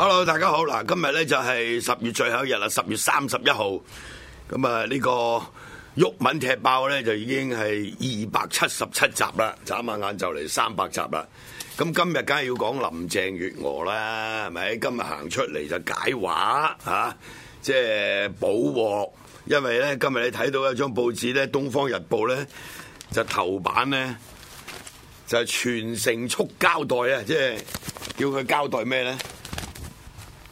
Hello，大家好！嗱，今日咧就係十月最後一日啦，十月三十一號。咁啊，呢個《毓民踢爆》咧就已經係二百七十七集啦，眨下眼就嚟三百集啦。咁今日梗係要講林鄭月娥啦，係咪？今日行出嚟就解話吓，即係補鑊。因為咧，今日你睇到一張報紙咧，《東方日報》咧就頭版咧就係全城速交代啊，即係叫佢交代咩咧？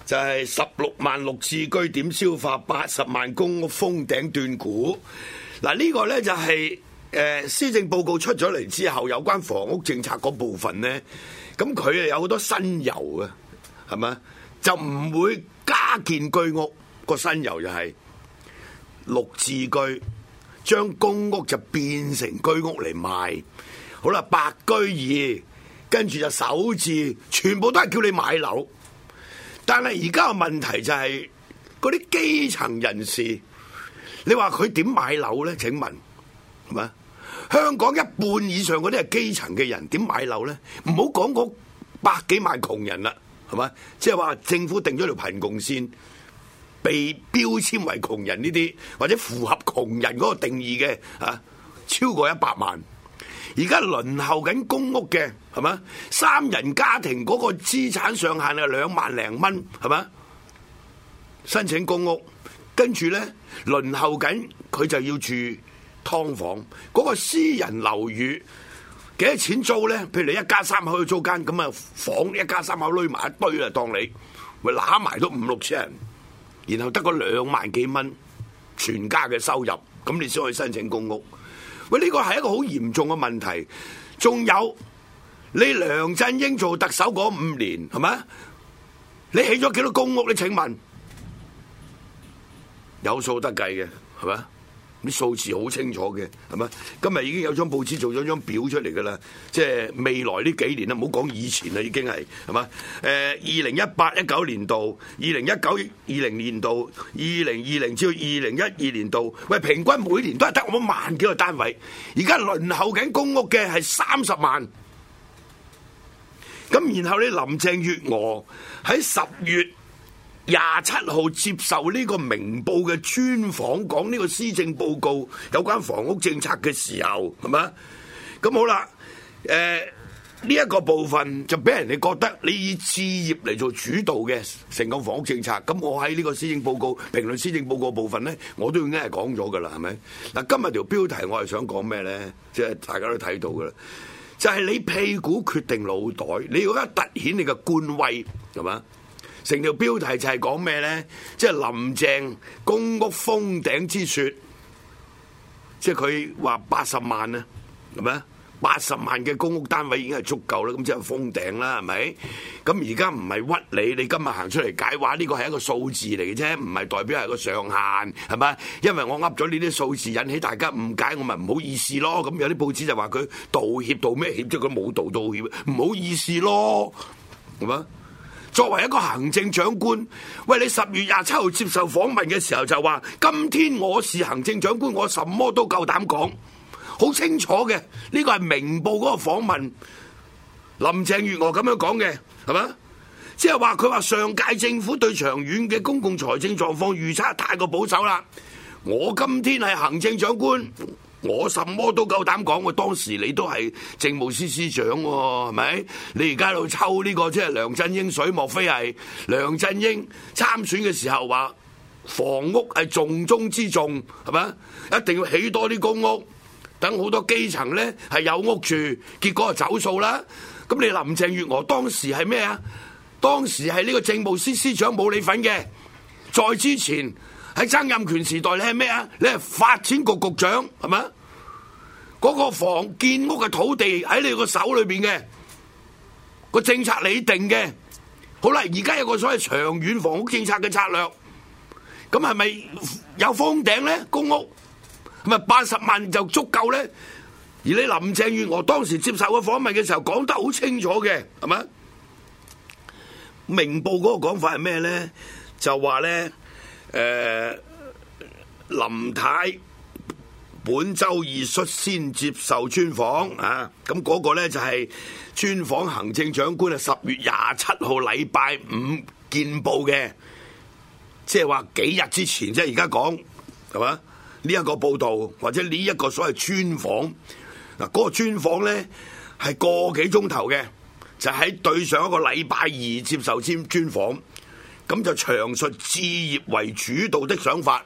就係十六萬綠置居，點消化八十萬公屋封頂斷股，嗱呢個呢就係誒施政報告出咗嚟之後有關房屋政策嗰部分呢，咁佢啊有好多新猷啊，係咪就唔會加建居屋個新猷就係綠置居，將公屋就變成居屋嚟賣，好啦，白居二跟住就首置，全部都係叫你買樓。但係而家嘅問題就係嗰啲基層人士，你話佢點買樓咧？請問係嘛？香港一半以上嗰啲係基層嘅人，點買樓咧？唔好講嗰百幾萬窮人啦，係嘛？即係話政府定咗條貧窮線，被標籤為窮人呢啲，或者符合窮人嗰個定義嘅啊，超過一百萬。而家輪候緊公屋嘅係咪？三人家庭嗰個資產上限係兩萬零蚊，係咪？申請公屋，跟住咧輪候緊佢就要住劏房。嗰個私人樓宇幾多錢租咧？譬如你一家三口去租間咁啊房，一家三口堆埋一堆啊，當你咪攬埋都五六千人，然後得個兩萬幾蚊全家嘅收入，咁你先可以申請公屋。喂，呢個係一個好嚴重嘅問題。仲有你梁振英做特首嗰五年，係咪？你起咗幾多公屋，你請問？有數得計嘅，係咪？啲數字好清楚嘅，係嘛？今日已經有張報紙做咗張表出嚟㗎喇，即係未來呢幾年啦，唔好講以前啦，已經係係嘛？誒，二零一八一九年度、二零一九二零年度、二零二零至到二零一二年度，喂，平均每年都係得我萬幾個單位，而家輪候緊公屋嘅係三十萬，咁然後呢，林鄭月娥喺十月。廿七號接受呢個明報嘅專訪，講呢個施政報告有關房屋政策嘅時候，係咪？咁好啦，誒、呃，呢、這、一個部分就俾人哋覺得你以置業嚟做主導嘅成個房屋政策，咁我喺呢個施政報告評論施政報告部分咧，我都已經係講咗噶啦，係咪？嗱，今日條標題我係想講咩咧？即、就、係、是、大家都睇到噶啦，就係、是、你屁股決定腦袋，你而家凸顯你嘅官威，係咪？成條標題就係講咩咧？即係林鄭公屋封頂之説，即係佢話八十萬啊，係咪？八十萬嘅公屋單位已經係足夠啦，咁即係封頂啦，係咪？咁而家唔係屈你，你今日行出嚟解話，呢個係一個數字嚟嘅啫，唔係代表係個上限，係咪？因為我噏咗呢啲數字引起大家誤解，我咪唔好意思咯。咁有啲報紙就話佢道歉，道咩歉？即係佢冇道道歉，唔好意思咯，係咪？作為一個行政長官，喂，你十月廿七號接受訪問嘅時候就話，今天我是行政長官，我什麼都夠膽講，好清楚嘅。呢個係明報嗰個訪問，林鄭月娥咁樣講嘅，係咪？即係話佢話上屆政府對長遠嘅公共財政狀況預測太過保守啦。我今天係行政長官。我什麼都夠膽講，我當時你都係政務司司長喎，係咪？你而家喺度抽呢個即係梁振英水，莫非係梁振英參選嘅時候話房屋係重中之重係咪啊？一定要起多啲公屋，等好多基層咧係有屋住，結果就走數啦。咁你林鄭月娥當時係咩啊？當時係呢個政務司司長冇你份嘅，在之前。喺曾蔭權時代，你係咩啊？你係發展局局長，係咪啊？嗰個房建屋嘅土地喺你個手裏邊嘅，個政策，你定嘅。好啦，而家有個所謂長遠房屋政策嘅策略，咁係咪有封頂咧？公屋係咪八十萬就足夠咧？而你林鄭月娥當時接受個訪問嘅時候，講得好清楚嘅，係咪？明報嗰個講法係咩咧？就話咧。誒、呃，林太本周二率先接受專訪啊，咁嗰個呢就係專訪行政長官啊，十月廿七號禮拜五見報嘅，即係話幾日之前即啫，而家講係嘛？呢一、這個報道或者、那個、呢一個所謂專訪，嗱嗰個專訪呢係個幾鐘頭嘅，就喺、是、對上一個禮拜二接受專專訪。咁就詳述置業為主導的想法，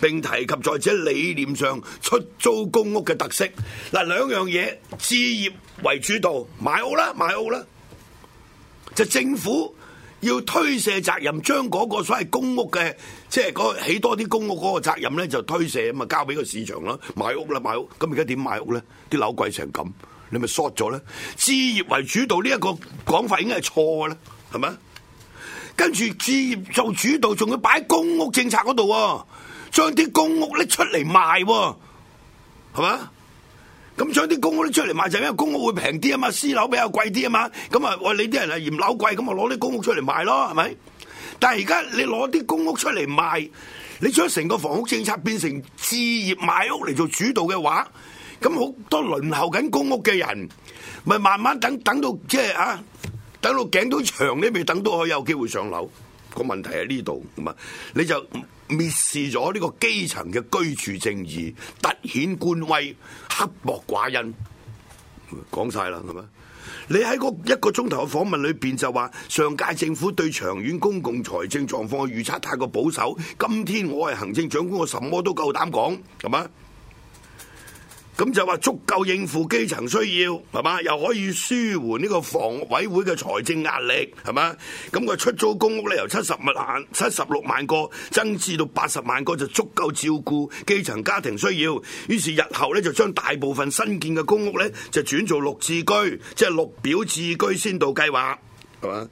並提及在這理念上出租公屋嘅特色。嗱，兩樣嘢，置業為主導，買屋啦，買屋啦，就政府要推卸責任，將嗰個所謂公屋嘅，即係嗰起多啲公屋嗰個責任咧，就推卸咁啊，交俾個市場咯，買屋啦，買屋，咁而家點買屋咧？啲樓貴成咁，你咪 short 咗咧？置業為主導呢一個講法應該係錯嘅啦，係咪啊？跟住置業做主導，仲要擺喺公屋政策嗰度喎，將啲公屋拎出嚟賣喎，係嘛？咁將啲公屋拎出嚟賣就因為公屋會平啲啊嘛，私樓比較貴啲啊嘛，咁啊喂你啲人係嫌樓貴，咁我攞啲公屋出嚟賣咯，係咪？但係而家你攞啲公屋出嚟賣，你將成個房屋政策變成置業買屋嚟做主導嘅話，咁好多輪候緊公屋嘅人，咪慢慢等等到即係啊？等到頸都長呢邊等到可以有機會上樓，個問題喺呢度咁啊！你就蔑視咗呢個基層嘅居住正義，凸顯官威，刻薄寡恩，講晒啦，係咪？你喺一個鐘頭嘅訪問裏邊就話，上屆政府對長遠公共財政狀況嘅預測太過保守。今天我係行政長官，我什麼都夠膽講，係咪？咁就話足夠應付基層需要，係嘛？又可以舒緩呢個房委會嘅財政壓力，係嘛？咁個出租公屋咧，由七十萬七十六萬個增至到八十萬個就足夠照顧基層家庭需要。於是日後咧，就將大部分新建嘅公屋咧，就轉做綠置居，即係綠表置居先導計劃，係嘛？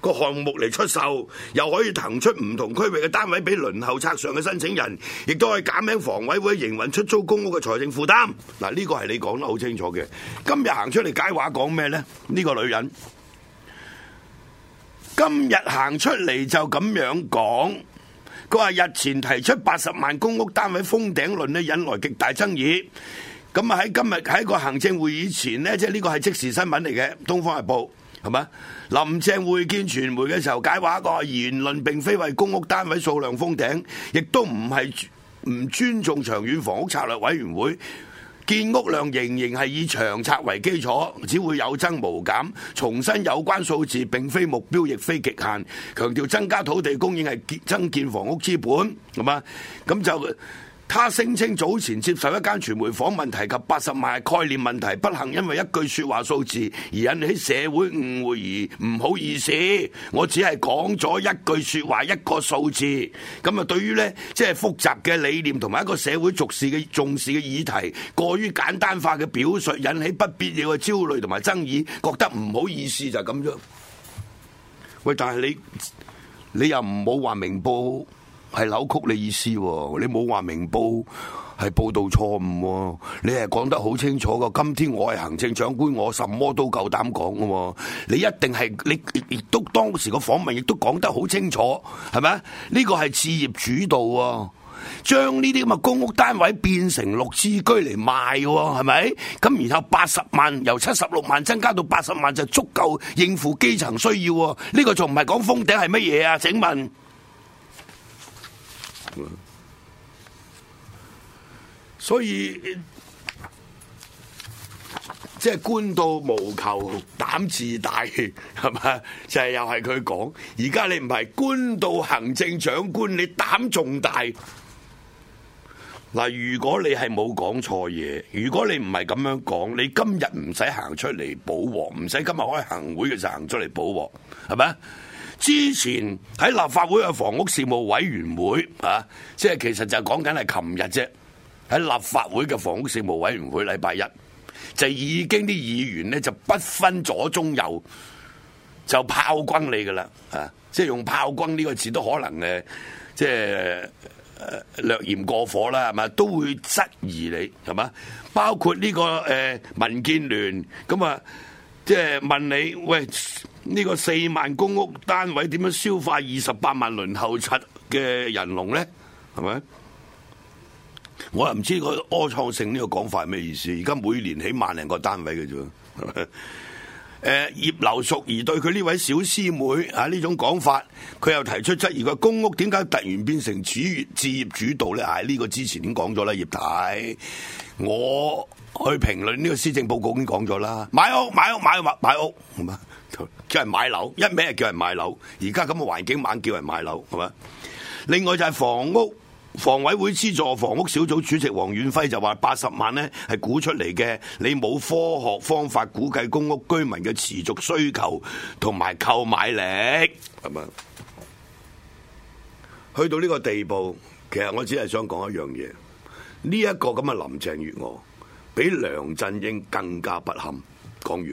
個項目嚟出售，又可以騰出唔同區域嘅單位俾輪候冊上嘅申請人，亦都可以減輕房委會營運出租公屋嘅財政負擔。嗱，呢個係你講得好清楚嘅。今日行出嚟解話講咩呢？呢個女人今日行出嚟就咁樣講，佢話日前提出八十萬公屋單位封頂論呢，引來極大爭議。咁啊喺今日喺個行政會議前呢，即係呢個係即時新聞嚟嘅《東方日報》。係嘛？林鄭會見傳媒嘅時候，解話個言論並非為公屋單位數量封頂，亦都唔係唔尊重長遠房屋策略委員會建屋量，仍然係以長策為基礎，只會有增無減。重申有關數字並非目標，亦非極限，強調增加土地供應係建增建房屋之本，係嘛？咁就。他聲稱早前接受一間傳媒訪問，提及八十萬概念問題，不幸因為一句説話數字而引起社會誤會而唔好意思。我只係講咗一句説話、一個數字，咁啊對於咧，即係複雜嘅理念同埋一個社會俗事嘅重視嘅議題，過於簡單化嘅表述引起不必要嘅焦慮同埋爭議，覺得唔好意思，就係咁樣。喂，但係你你，又唔好話明報。係扭曲你意思喎，你冇話明報係報道錯誤喎，你係講得好清楚噶。今天我係行政長官，我什麼都夠膽講噶。你一定係你亦都當時個訪問亦都講得好清楚，係咪？呢個係置業主導喎，將呢啲咁嘅公屋單位變成綠置居嚟賣喎，係咪？咁然後八十萬由七十六萬增加到八十萬，就足夠應付基層需要喎。呢個仲唔係講封頂係乜嘢啊？請問？所以即係官到無求膽自大係嘛，就係、是、又係佢講。而家你唔係官到行政長官，你膽仲大嗱。如果你係冇講錯嘢，如果你唔係咁樣講，你今日唔使行出嚟補鑊，唔使今日開行會嘅就行出嚟補鑊，係咪？之前喺立法會嘅房屋事務委員會啊，即係其實就講緊係琴日啫，喺立法會嘅房屋事務委員會禮拜一就已經啲議員咧就不分左中右就炮轟你噶啦啊！即係用炮轟呢個字都可能嘅，即係、啊、略嫌過火啦，係嘛都會質疑你係嘛？包括呢個、誒、民建聯咁、嗯、啊，即係問你喂。呢個四萬公屋單位點樣消化二十八萬輪候出嘅人龍咧？係咪？我又唔知佢開創性呢個講法係咩意思？而家每年起萬零個單位嘅啫。係咪？誒、葉劉淑儀對佢呢位小師妹啊，呢種講法，佢又提出質疑。個公屋點解突然變成主業、置業主導咧？係、啊、呢、呢個之前已經講咗啦，葉太，我去評論呢個施政報告已經講咗啦。買屋、買屋、買屋、買屋，係嘛，即係、就是、買樓，一味叫人買樓？而家咁嘅環境猛叫人買樓，係嘛？另外就係房屋。房委會資助房屋小組主席黃遠輝就話：八十萬咧係估出嚟嘅，你冇科學方法估計公屋居民嘅持續需求同埋購買力，咁啊，去到呢個地步，其實我只係想講一樣嘢，呢、這、一個咁嘅林鄭月娥，比梁振英更加不堪。講完。